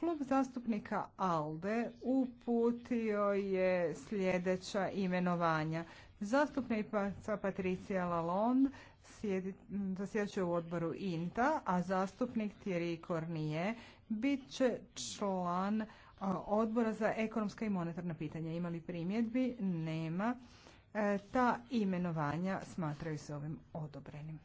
Klub zastupnika ALDE uputio je sljedeća imenovanja. Zastupnica Patricija Lalonde zasjedat u odboru INTA, a zastupnik Thierry Cornije bit će član odbora za ekonomska i monetarna pitanja. Ima li primjedbi? Nema. E, ta imenovanja smatraju se ovim odobrenim.